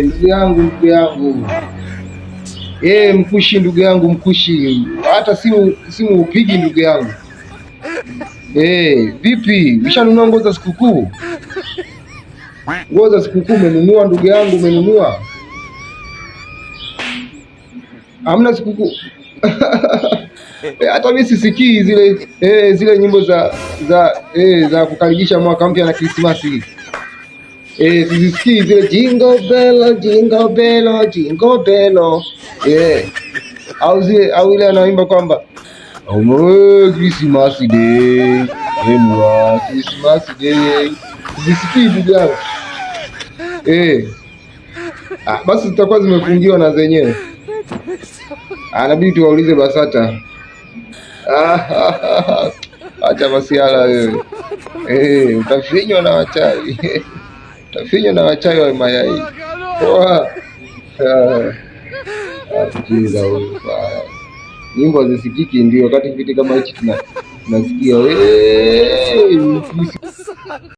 ndugu yangu, ndugu yangu Hey, mkushi ndugu yangu, mkushi hata simu simu upigi ndugu yangu. Hey, vipi ushanunua nguo za sikukuu? Nguo za sikukuu umenunua ndugu yangu, umenunua? Hamna sikukuu eh, hata mimi sisikii zile eh, zile nyimbo za za eh, za kukaribisha mwaka mpya na Krismasi. Eh, zisikii zile jingle bell, jingle bell, jingle bell. Au zile au ile anaimba kwamba Omo eh, Christmas day. Emwa eh, Christmas day. Zisikii ndugu Eh. Ah, basi zitakuwa zimefungiwa na zenyewe. Anabidi ah, tuwaulize BASATA. Ah, acha masiala wewe. Eh, utafinywa na wachawi. Tafinywa na wachawi wa mayai. Ah. nyimbo hazisikiki, ndio wakati viti kama hichi tunasikia.